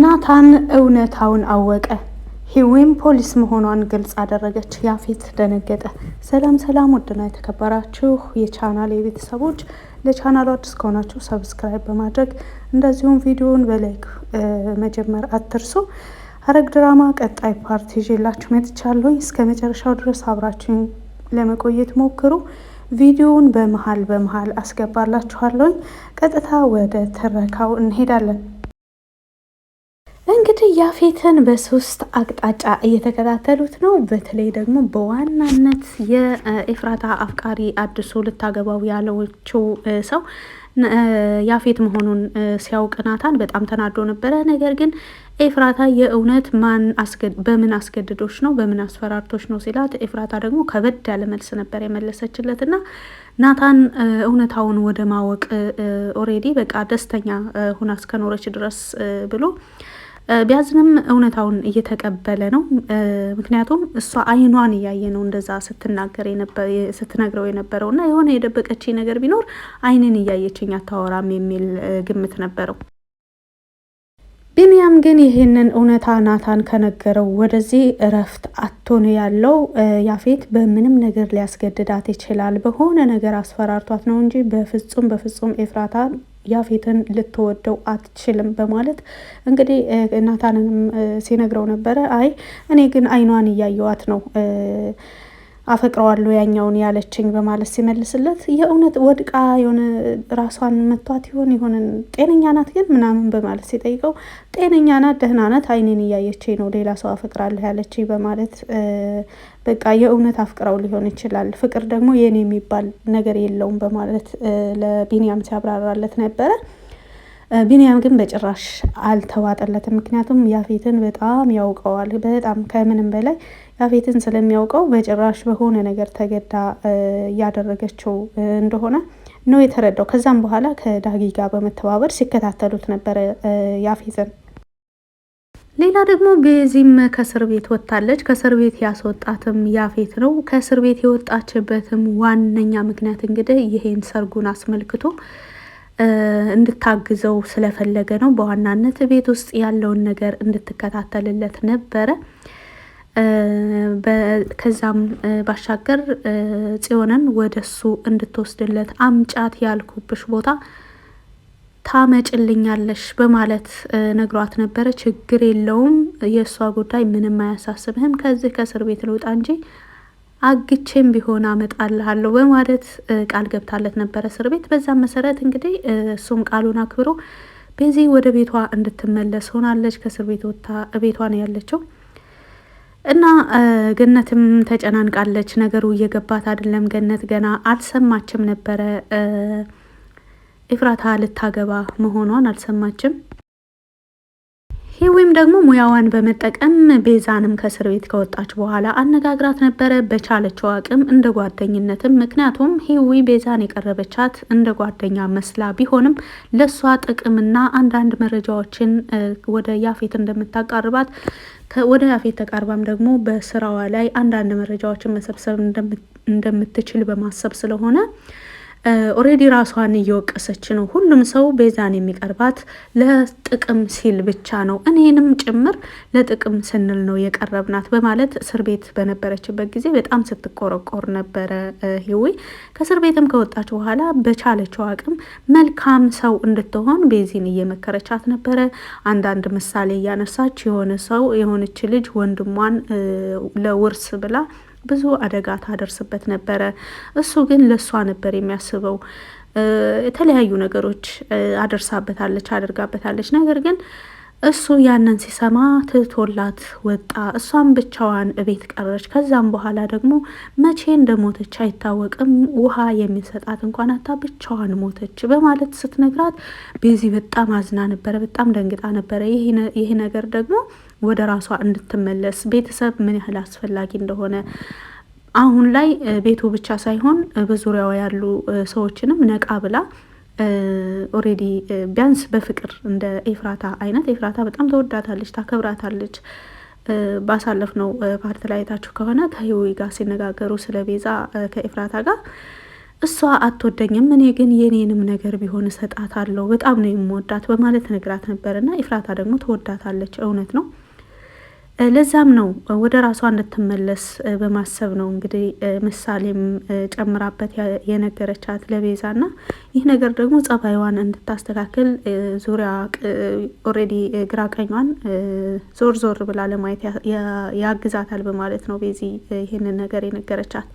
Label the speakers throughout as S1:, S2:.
S1: ናታን እውነታውን አወቀ። ሂዊም ፖሊስ መሆኗን ግልጽ አደረገች። ያፌት ደነገጠ። ሰላም ሰላም! ውድና የተከበራችሁ የቻናል የቤተሰቦች ለቻናሉ አዲስ ከሆናችሁ ሰብስክራይብ በማድረግ እንደዚሁም ቪዲዮውን በላይክ መጀመር አትርሱ። ሐረግ ድራማ ቀጣይ ፓርት ይዤላችሁ መጥቻለሁ። እስከ መጨረሻው ድረስ አብራችሁን ለመቆየት ሞክሩ። ቪዲዮውን በመሀል በመሀል አስገባላችኋለሁኝ። ቀጥታ ወደ ትረካው እንሄዳለን። እንግዲህ ያፌትን በሶስት አቅጣጫ እየተከታተሉት ነው። በተለይ ደግሞ በዋናነት የኤፍራታ አፍቃሪ አድሶ ልታገባው ያለችው ሰው ያፌት መሆኑን ሲያውቅ ናታን በጣም ተናዶ ነበረ። ነገር ግን ኤፍራታ የእውነት ማን በምን አስገድዶች ነው በምን አስፈራርቶች ነው ሲላት፣ ኤፍራታ ደግሞ ከበድ ያለ መልስ ነበር የመለሰችለት እና ናታን እውነታውን ወደ ማወቅ ኦሬዲ በቃ ደስተኛ ሁና እስከኖረች ድረስ ብሎ ቢያዝንም እውነታውን እየተቀበለ ነው። ምክንያቱም እሷ አይኗን እያየ ነው እንደዛ ስትናገር ስትነግረው የነበረው እና የሆነ የደበቀች ነገር ቢኖር አይንን እያየችኝ አታወራም የሚል ግምት ነበረው። ቢንያም ግን ይህንን እውነታ ናታን ከነገረው ወደዚህ እረፍት አቶን ያለው። ያፌት በምንም ነገር ሊያስገድዳት ይችላል። በሆነ ነገር አስፈራርቷት ነው እንጂ በፍጹም በፍጹም ኤፍራታ ያፌትን ልትወደው አትችልም በማለት እንግዲህ ናታንንም ሲነግረው ነበረ። አይ እኔ ግን አይኗን እያየዋት ነው አፈቅረዋለሁ ያኛውን ያለችኝ በማለት ሲመልስለት የእውነት ወድቃ የሆነ ራሷን መቷት ይሆን የሆነ ጤነኛ ናት ግን ምናምን በማለት ሲጠይቀው ጤነኛ ናት፣ ደህና ናት፣ አይኔን እያየችኝ ነው ሌላ ሰው አፈቅራለሁ ያለችኝ በማለት በቃ የእውነት አፍቅረው ሊሆን ይችላል። ፍቅር ደግሞ የኔ የሚባል ነገር የለውም በማለት ለቢንያም ሲያብራራለት ነበረ። ቢንያም ግን በጭራሽ አልተዋጠለትም። ምክንያቱም ያፌትን በጣም ያውቀዋል፣ በጣም ከምንም በላይ ያፌትን ስለሚያውቀው በጭራሽ በሆነ ነገር ተገዳ እያደረገችው እንደሆነ ነው የተረዳው። ከዛም በኋላ ከዳጊ ጋር በመተባበር ሲከታተሉት ነበረ ያፌትን። ሌላ ደግሞ ቤዚም ከእስር ቤት ወጥታለች። ከእስር ቤት ያስወጣትም ያፌት ነው። ከእስር ቤት የወጣችበትም ዋነኛ ምክንያት እንግዲህ ይሄን ሰርጉን አስመልክቶ እንድታግዘው ስለፈለገ ነው። በዋናነት ቤት ውስጥ ያለውን ነገር እንድትከታተልለት ነበረ። ከዛም ባሻገር ጽዮንን ወደ እሱ እንድትወስድለት አምጫት ያልኩብሽ ቦታ ታመጭልኛለሽ በማለት ነግሯት ነበረ። ችግር የለውም የእሷ ጉዳይ ምንም አያሳስብህም፣ ከዚህ ከእስር ቤት ልውጣ እንጂ አግቼም ቢሆን አመጣልሃለሁ በማለት ቃል ገብታለት ነበረ እስር ቤት። በዛም መሰረት እንግዲህ እሱም ቃሉን አክብሮ በዚህ ወደ ቤቷ እንድትመለስ ሆናለች። ከእስር ቤት ወጥታ ቤቷ ነው ያለችው። እና ገነትም ተጨናንቃለች። ነገሩ እየገባት አይደለም። ገነት ገና አልሰማችም ነበረ ኤፍራታ ልታገባ መሆኗን አልሰማችም። ሂዊም ደግሞ ሙያዋን በመጠቀም ቤዛንም ከእስር ቤት ከወጣች በኋላ አነጋግራት ነበረ በቻለችው አቅም እንደ ጓደኝነትም። ምክንያቱም ሂዊ ቤዛን የቀረበቻት እንደ ጓደኛ መስላ ቢሆንም ለእሷ ጥቅምና አንዳንድ መረጃዎችን ወደ ያፌት እንደምታቃርባት ወደ ያፌት ተቃርባም ደግሞ በስራዋ ላይ አንዳንድ መረጃዎችን መሰብሰብ እንደምትችል በማሰብ ስለሆነ ኦሬዲ ራሷን እየወቀሰች ነው። ሁሉም ሰው ቤዛን የሚቀርባት ለጥቅም ሲል ብቻ ነው፣ እኔንም ጭምር ለጥቅም ስንል ነው የቀረብናት በማለት እስር ቤት በነበረችበት ጊዜ በጣም ስትቆረቆር ነበረ ህዊ። ከእስር ቤትም ከወጣች በኋላ በቻለችው አቅም መልካም ሰው እንድትሆን ቤዚን እየመከረቻት ነበረ። አንዳንድ ምሳሌ እያነሳች የሆነ ሰው የሆነች ልጅ ወንድሟን ለውርስ ብላ ብዙ አደጋ ታደርስበት ነበረ። እሱ ግን ለእሷ ነበር የሚያስበው። የተለያዩ ነገሮች አደርሳበታለች፣ አደርጋበታለች። ነገር ግን እሱ ያንን ሲሰማ ትቶላት ወጣ። እሷም ብቻዋን እቤት ቀረች። ከዛም በኋላ ደግሞ መቼ እንደሞተች አይታወቅም። ውሃ የሚሰጣት እንኳን አታ ብቻዋን ሞተች በማለት ስትነግራት ቤዚ በጣም አዝና ነበረ፣ በጣም ደንግጣ ነበረ። ይህ ነገር ደግሞ ወደ ራሷ እንድትመለስ ቤተሰብ ምን ያህል አስፈላጊ እንደሆነ አሁን ላይ ቤቱ ብቻ ሳይሆን በዙሪያዋ ያሉ ሰዎችንም ነቃ ብላ ኦሬዲ ቢያንስ በፍቅር እንደ ኤፍራታ አይነት ኤፍራታ በጣም ተወዳታለች፣ ታከብራታለች። ነው ፓርት ላይ አይታችሁ ከሆነ ከህዊ ጋር ሲነጋገሩ ስለ ቤዛ ከኤፍራታ ጋር እሷ አትወደኝም፣ እኔ ግን የኔንም ነገር ቢሆን እሰጣታለሁ፣ በጣም ነው የምወዳት በማለት ነግራት ነበር እና ኤፍራታ ደግሞ ተወዳታለች። እውነት ነው። ለዛም ነው ወደ ራሷ እንድትመለስ በማሰብ ነው እንግዲህ ምሳሌም ጨምራበት የነገረቻት ለቤዛ እና ይህ ነገር ደግሞ ጸባይዋን እንድታስተካክል ዙሪያ ኦልሬዲ ግራ ቀኟን ዞር ዞር ብላ ለማየት ያግዛታል በማለት ነው ቤዚ ይህንን ነገር የነገረቻት።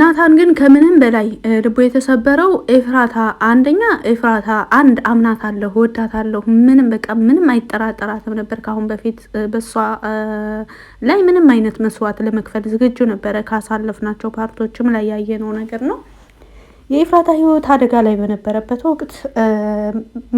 S1: ናታን ግን ከምንም በላይ ልቡ የተሰበረው ኤፍራታ አንደኛ ኤፍራታ አንድ አምናት አለሁ ወዳት አለሁ ምንም በቃ ምንም አይጠራጠራትም ነበር። ከአሁን በፊት በሷ ላይ ምንም አይነት መስዋዕት ለመክፈል ዝግጁ ነበረ። ካሳለፍናቸው ፓርቶችም ላይ ያየነው ነገር ነው። የኤፍራታ ህይወት አደጋ ላይ በነበረበት ወቅት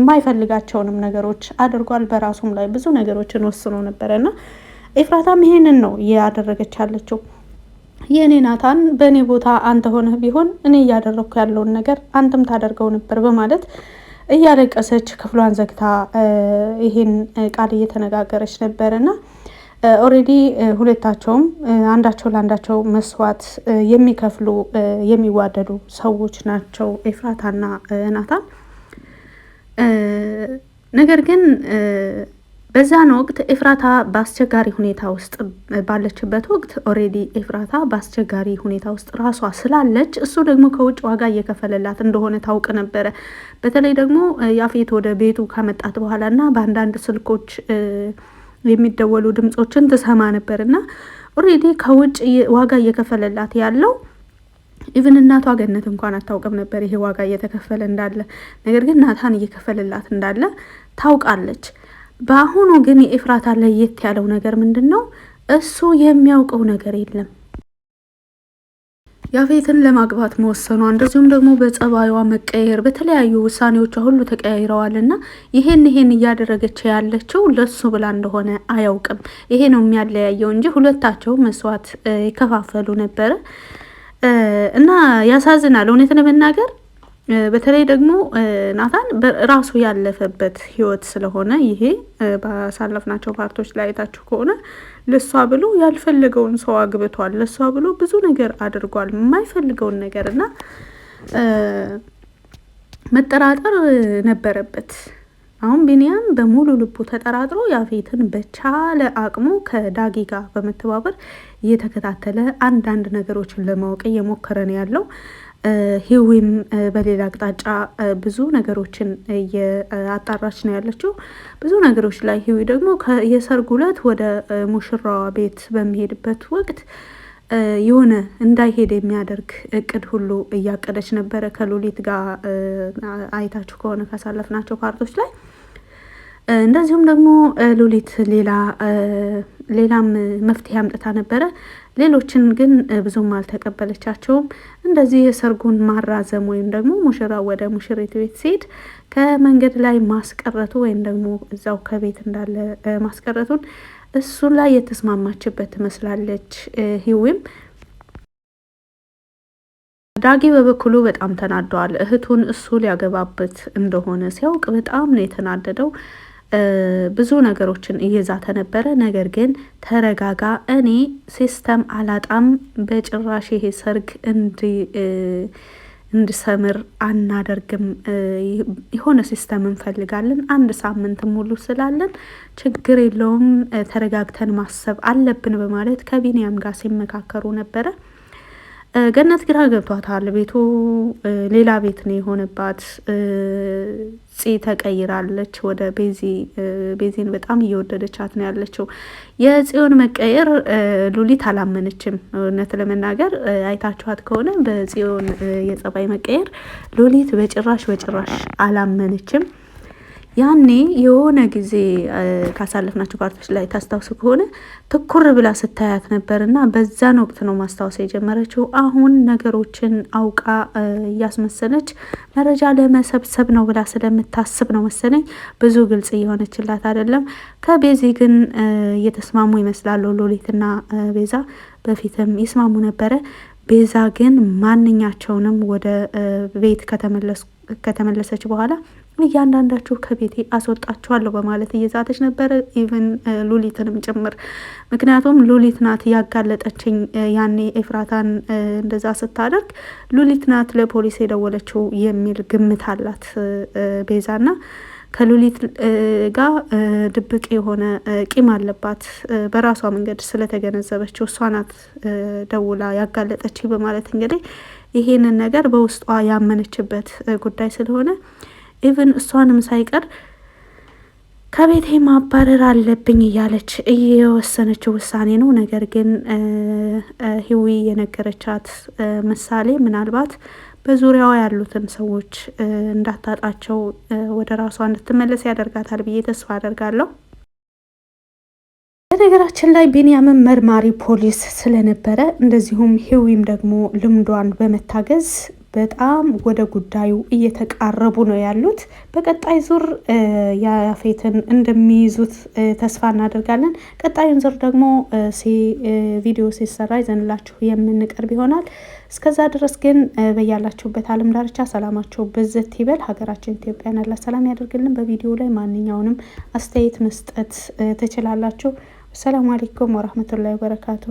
S1: የማይፈልጋቸውንም ነገሮች አድርጓል። በራሱም ላይ ብዙ ነገሮችን ወስኖ ነበረና ኤፍራታም ይሄንን ነው እያደረገች ያለችው። የእኔ ናታን በእኔ ቦታ አንተ ሆነህ ቢሆን እኔ እያደረግኩ ያለውን ነገር አንተም ታደርገው ነበር በማለት እያለቀሰች ክፍሏን ዘግታ ይሄን ቃል እየተነጋገረች ነበር እና ኦሬዲ ሁለታቸውም አንዳቸው ለአንዳቸው መስዋዕት የሚከፍሉ የሚዋደዱ ሰዎች ናቸው ኤፍራታና ናታን ነገር ግን በዛን ወቅት ኤፍራታ በአስቸጋሪ ሁኔታ ውስጥ ባለችበት ወቅት ኦሬዲ ኤፍራታ በአስቸጋሪ ሁኔታ ውስጥ ራሷ ስላለች እሱ ደግሞ ከውጭ ዋጋ እየከፈለላት እንደሆነ ታውቅ ነበረ። በተለይ ደግሞ ያፌት ወደ ቤቱ ከመጣት በኋላ እና በአንዳንድ ስልኮች የሚደወሉ ድምፆችን ትሰማ ነበር እና ኦሬዲ ከውጭ ዋጋ እየከፈለላት ያለው ኢቨን እናቷ ገነት እንኳን አታውቅም ነበር ይሄ ዋጋ እየተከፈለ እንዳለ። ነገር ግን ናታን እየከፈለላት እንዳለ ታውቃለች። በአሁኑ ግን የኤፍራታ ለየት ያለው ነገር ምንድን ነው? እሱ የሚያውቀው ነገር የለም። ያፌትን ለማግባት መወሰኗ እንደዚሁም ደግሞ በጸባዩዋ መቀየር በተለያዩ ውሳኔዎቿ ሁሉ ተቀያይረዋል እና ይሄን ይሄን እያደረገች ያለችው ለሱ ብላ እንደሆነ አያውቅም። ይሄ ነው የሚያለያየው እንጂ ሁለታቸው መስዋዕት ይከፋፈሉ ነበረ እና ያሳዝናል እውነት ለመናገር በተለይ ደግሞ ናታን ራሱ ያለፈበት ህይወት ስለሆነ ይሄ ባሳለፍናቸው ፓርቶች ላይ አይታችሁ ከሆነ ለሷ ብሎ ያልፈለገውን ሰው አግብቷል። ለሷ ብሎ ብዙ ነገር አድርጓል፣ የማይፈልገውን ነገር እና መጠራጠር ነበረበት። አሁን ቢኒያም በሙሉ ልቡ ተጠራጥሮ ያፌትን በቻለ አቅሙ ከዳጊ ጋር በመተባበር እየተከታተለ አንዳንድ ነገሮችን ለማወቅ እየሞከረ ነው ያለው። ሂዊም በሌላ አቅጣጫ ብዙ ነገሮችን እየአጣራች ነው ያለችው። ብዙ ነገሮች ላይ ሂዊ ደግሞ የሰርጉ ዕለት ወደ ሙሽራዋ ቤት በሚሄድበት ወቅት የሆነ እንዳይሄድ የሚያደርግ እቅድ ሁሉ እያቀደች ነበረ ከሉሊት ጋር አይታችሁ ከሆነ ካሳለፍናቸው ፓርቶች ላይ እንደዚሁም ደግሞ ሉሊት ሌላ ሌላም መፍትሄ አምጥታ ነበረ። ሌሎችን ግን ብዙም አልተቀበለቻቸውም። እንደዚህ የሰርጉን ማራዘም ወይም ደግሞ ሙሽራ ወደ ሙሽሪት ቤት ሲሄድ ከመንገድ ላይ ማስቀረቱ ወይም ደግሞ እዛው ከቤት እንዳለ ማስቀረቱን እሱን ላይ የተስማማችበት ትመስላለች ህዊም ዳጊ በበኩሉ በጣም ተናደዋል። እህቱን እሱ ሊያገባበት እንደሆነ ሲያውቅ በጣም ነው የተናደደው። ብዙ ነገሮችን እየዛተ ነበረ። ነገር ግን ተረጋጋ፣ እኔ ሲስተም አላጣም በጭራሽ ይሄ ሰርግ እንዲ እንድሰምር አናደርግም። የሆነ ሲስተም እንፈልጋለን። አንድ ሳምንት ሙሉ ስላለን ችግር የለውም ተረጋግተን ማሰብ አለብን በማለት ከቢንያም ጋር ሲመካከሩ ነበረ። ገነት ግራ ገብቷታል። ቤቱ ሌላ ቤት ነው የሆነባት። ፂ ተቀይራለች። ወደ ቤዚ ቤዚን በጣም እየወደደቻት ነው ያለችው። የጽዮን መቀየር ሉሊት አላመነችም። እውነት ለመናገር አይታችኋት ከሆነ በጽዮን የጸባይ መቀየር ሉሊት በጭራሽ በጭራሽ አላመነችም። ያኔ የሆነ ጊዜ ካሳለፍናቸው ፓርቶች ላይ ታስታውስ ከሆነ ትኩር ብላ ስታያት ነበር እና በዛን ወቅት ነው ማስታወስ የጀመረችው። አሁን ነገሮችን አውቃ እያስመሰለች መረጃ ለመሰብሰብ ነው ብላ ስለምታስብ ነው መሰለኝ ብዙ ግልጽ እየሆነችላት አይደለም። ከቤዚ ግን እየተስማሙ ይመስላሉ። ሎሊትና ቤዛ በፊትም ይስማሙ ነበረ። ቤዛ ግን ማንኛቸውንም ወደ ቤት ከተመለሰች በኋላ እያንዳንዳችሁ ከቤቴ አስወጣችኋለሁ በማለት እየዛተች ነበረ። ኢቨን ሉሊትንም ጭምር ምክንያቱም ሉሊት ናት ያጋለጠችኝ። ያኔ ኤፍራታን እንደዛ ስታደርግ ሉሊት ናት ለፖሊስ የደወለችው የሚል ግምት አላት ቤዛና ከሉሊት ጋር ድብቅ የሆነ ቂም አለባት። በራሷ መንገድ ስለተገነዘበችው እሷ ናት ደውላ ያጋለጠች በማለት እንግዲህ ይሄንን ነገር በውስጧ ያመነችበት ጉዳይ ስለሆነ ኢቭን እሷንም ሳይቀር ከቤቴ ማባረር አለብኝ እያለች እየወሰነችው ውሳኔ ነው። ነገር ግን ህዊ የነገረቻት ምሳሌ ምናልባት በዙሪያዋ ያሉትን ሰዎች እንዳታጣቸው ወደ ራሷ እንድትመለስ ያደርጋታል ብዬ ተስፋ አደርጋለሁ። በነገራችን ላይ ቢንያምን መርማሪ ፖሊስ ስለነበረ እንደዚሁም ህዊም ደግሞ ልምዷን በመታገዝ በጣም ወደ ጉዳዩ እየተቃረቡ ነው ያሉት። በቀጣይ ዙር ያፌትን እንደሚይዙት ተስፋ እናደርጋለን። ቀጣዩን ዙር ደግሞ ቪዲዮ ሲሰራ ይዘንላችሁ የምንቀርብ ይሆናል። እስከዛ ድረስ ግን በያላችሁበት ዓለም ዳርቻ ሰላማቸው ብዝት ይበል። ሀገራችን ኢትዮጵያን ያላ ሰላም ያደርግልን። በቪዲዮ ላይ ማንኛውንም አስተያየት መስጠት ትችላላችሁ። አሰላሙ አሌይኩም ወረህመቱላሂ ወበረካቱ።